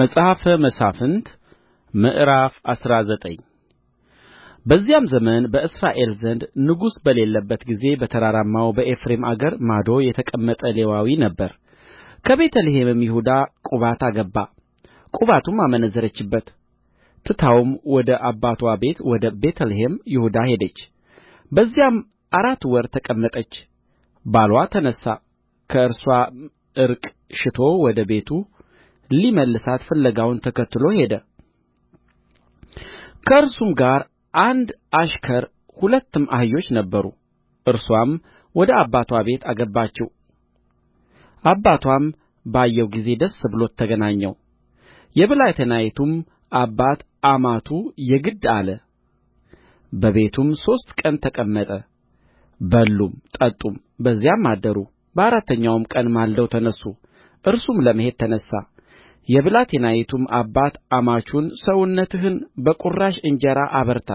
መጽሐፈ መሣፍንት ምዕራፍ አስራ ዘጠኝ በዚያም ዘመን በእስራኤል ዘንድ ንጉሥ በሌለበት ጊዜ በተራራማው በኤፍሬም አገር ማዶ የተቀመጠ ሌዋዊ ነበረ። ከቤተ ልሔምም ይሁዳ ቁባት አገባ። ቁባቱም አመነዘረችበት። ትታውም ወደ አባቷ ቤት ወደ ቤተ ልሔም ይሁዳ ሄደች። በዚያም አራት ወር ተቀመጠች። ባሏ ተነሣ፣ ከእርሷ ዕርቅ ሽቶ ወደ ቤቱ ሊመልሳት ፍለጋውን ተከትሎ ሄደ ከእርሱም ጋር አንድ አሽከር ሁለትም አህዮች ነበሩ እርስዋም ወደ አባትዋ ቤት አገባችው አባትዋም ባየው ጊዜ ደስ ብሎት ተገናኘው የብላቴናይቱም አባት አማቱ የግድ አለ በቤቱም ሦስት ቀን ተቀመጠ በሉም ጠጡም በዚያም አደሩ በአራተኛውም ቀን ማልደው ተነሡ እርሱም ለመሄድ ተነሣ የብላቴናይቱም አባት አማቹን ሰውነትህን በቍራሽ እንጀራ አበርታ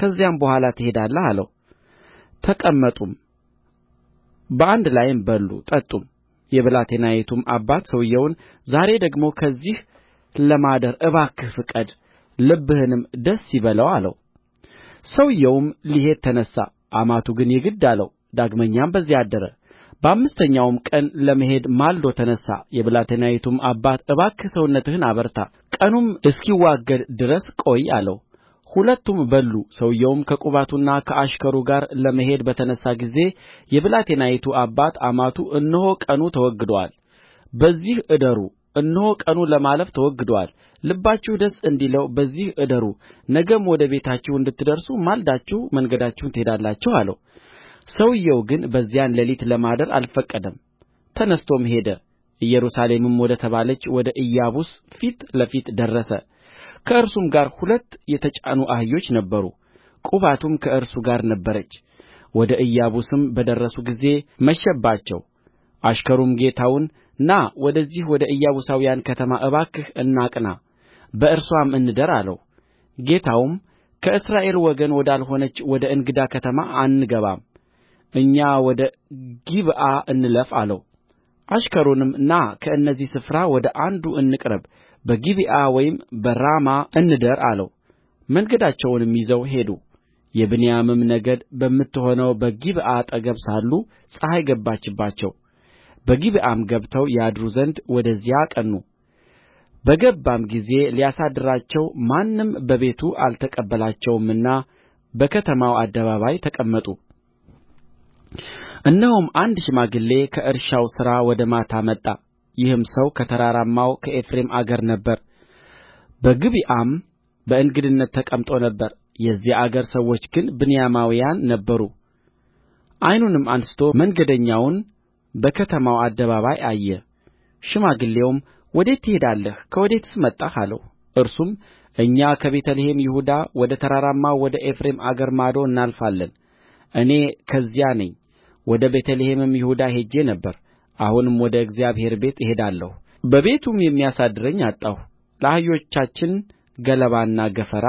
ከዚያም በኋላ ትሄዳለህ አለው ተቀመጡም በአንድ ላይም በሉ ጠጡም የብላቴናይቱም አባት ሰውዮውን ዛሬ ደግሞ ከዚህ ለማደር እባክህ ፍቀድ ልብህንም ደስ ይበለው አለው ሰውዮውም ሊሄድ ተነሣ አማቱ ግን የግድ አለው ዳግመኛም በዚያ አደረ በአምስተኛውም ቀን ለመሄድ ማልዶ ተነሣ የብላቴናይቱም አባት እባክህ ሰውነትህን አበርታ ቀኑም እስኪዋገድ ድረስ ቆይ አለው ሁለቱም በሉ ሰውዮውም ከቁባቱና ከአሽከሩ ጋር ለመሄድ በተነሣ ጊዜ የብላቴናይቱ አባት አማቱ እነሆ ቀኑ ተዋግዶአል በዚህ እደሩ እነሆ ቀኑ ለማለፍ ተዋግዶአል ልባችሁ ደስ እንዲለው በዚህ እደሩ ነገም ወደ ቤታችሁ እንድትደርሱ ማልዳችሁ መንገዳችሁን ትሄዳላችሁ አለው ሰውዮው ግን በዚያን ሌሊት ለማደር አልፈቀደም ተነሥቶም ሄደ ኢየሩሳሌምም ወደ ተባለች ወደ ኢያቡስ ፊት ለፊት ደረሰ ከእርሱም ጋር ሁለት የተጫኑ አህዮች ነበሩ ቁባቱም ከእርሱ ጋር ነበረች ወደ ኢያቡስም በደረሱ ጊዜ መሸባቸው አሽከሩም ጌታውን ና ወደዚህ ወደ ኢያቡሳውያን ከተማ እባክህ እናቅና በእርስዋም እንደር አለው ጌታውም ከእስራኤል ወገን ወዳልሆነች ወደ እንግዳ ከተማ አንገባም እኛ ወደ ጊብዓ እንለፍ አለው አሽከሩንም ና ከእነዚህ ስፍራ ወደ አንዱ እንቅረብ በጊብዓ ወይም በራማ እንደር አለው መንገዳቸውንም ይዘው ሄዱ የብንያምም ነገድ በምትሆነው በጊብዓ አጠገብ ሳሉ ፀሐይ ገባችባቸው በጊብዓም ገብተው ያድሩ ዘንድ ወደዚያ አቀኑ በገባም ጊዜ ሊያሳድራቸው ማንም በቤቱ አልተቀበላቸውምና በከተማው አደባባይ ተቀመጡ እነሆም አንድ ሽማግሌ ከእርሻው ሥራ ወደ ማታ መጣ ይህም ሰው ከተራራማው ከኤፍሬም አገር ነበረ በጊብዓም በእንግድነት ተቀምጦ ነበር የዚያ አገር ሰዎች ግን ብንያማውያን ነበሩ ዓይኑንም አንሥቶ መንገደኛውን በከተማው አደባባይ አየ ሽማግሌውም ወዴት ትሄዳለህ ከወዴትስ መጣህ አለው እርሱም እኛ ከቤተ ልሔም ይሁዳ ወደ ተራራማው ወደ ኤፍሬም አገር ማዶ እናልፋለን እኔ ከዚያ ነኝ ወደ ቤተ ልሔምም ይሁዳ ሄጄ ነበር አሁንም ወደ እግዚአብሔር ቤት እሄዳለሁ በቤቱም የሚያሳድረኝ አጣሁ ለአህዮቻችን ገለባና ገፈራ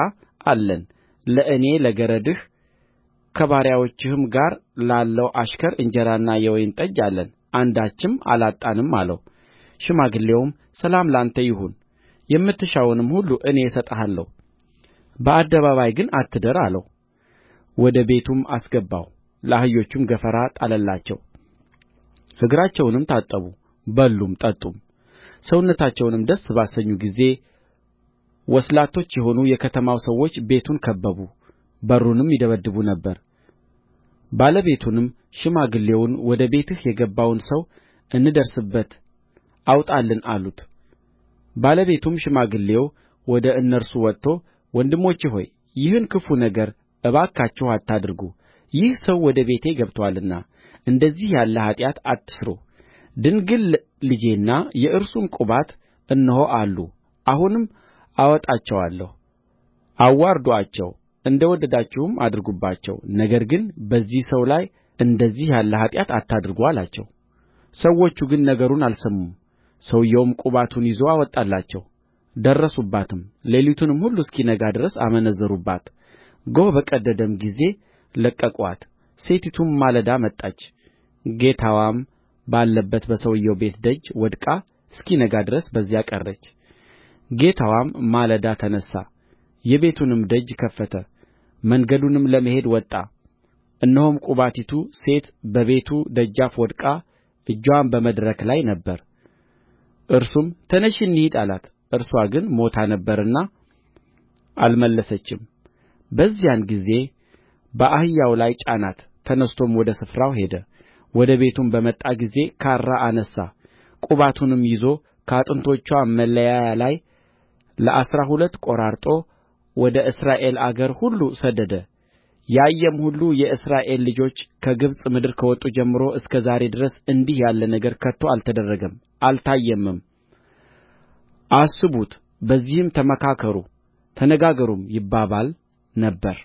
አለን ለእኔ ለገረድህ ከባሪያዎችህም ጋር ላለው አሽከር እንጀራና የወይን ጠጅ አለን አንዳችም አላጣንም አለው ሽማግሌውም ሰላም ላንተ ይሁን የምትሻውንም ሁሉ እኔ እሰጥሃለሁ በአደባባይ ግን አትደር አለው ወደ ቤቱም አስገባው ለአህዮቹም ገፈራ ጣለላቸው እግራቸውንም ታጠቡ በሉም ጠጡም ሰውነታቸውንም ደስ ባሰኙ ጊዜ ወስላቶች የሆኑ የከተማው ሰዎች ቤቱን ከበቡ በሩንም ይደበድቡ ነበር ባለቤቱንም ሽማግሌውን ወደ ቤትህ የገባውን ሰው እንደርስበት አውጣልን አሉት ባለቤቱም ሽማግሌው ወደ እነርሱ ወጥቶ ወንድሞቼ ሆይ ይህን ክፉ ነገር እባካችሁ አታድርጉ ይህ ሰው ወደ ቤቴ ገብቶአልና እንደዚህ ያለ ኃጢአት አትሥሩ ድንግል ልጄና የእርሱም ቁባት እነሆ አሉ አሁንም አወጣቸዋለሁ አዋርዱአቸው እንደ ወደዳችሁም አድርጉባቸው ነገር ግን በዚህ ሰው ላይ እንደዚህ ያለ ኃጢአት አታድርጉ አላቸው ሰዎቹ ግን ነገሩን አልሰሙም ሰውየውም ቁባቱን ይዞ አወጣላቸው ደረሱባትም ሌሊቱንም ሁሉ እስኪነጋ ድረስ አመነዘሩባት ጎህ በቀደደም ጊዜ ለቀቁአት ሴቲቱም ማለዳ መጣች ጌታዋም ባለበት በሰውዮው ቤት ደጅ ወድቃ እስኪነጋ ድረስ በዚያ ቀረች ጌታዋም ማለዳ ተነሣ የቤቱንም ደጅ ከፈተ መንገዱንም ለመሄድ ወጣ እነሆም ቁባቲቱ ሴት በቤቱ ደጃፍ ወድቃ እጅዋም በመድረክ ላይ ነበር። እርሱም ተነሺ እንሂድ አላት። እርሷ ግን ሞታ ነበርና አልመለሰችም። በዚያን ጊዜ በአህያው ላይ ጫናት ተነሥቶም ወደ ስፍራው ሄደ ወደ ቤቱም በመጣ ጊዜ ካራ አነሣ ቁባቱንም ይዞ ከአጥንቶችዋ መለያያ ላይ ለአሥራ ሁለት ቈራርጦ ወደ እስራኤል አገር ሁሉ ሰደደ ያየም ሁሉ የእስራኤል ልጆች ከግብፅ ምድር ከወጡ ጀምሮ እስከ ዛሬ ድረስ እንዲህ ያለ ነገር ከቶ አልተደረገም አልታየምም አስቡት በዚህም ተመካከሩ ተነጋገሩም ይባባል ነበር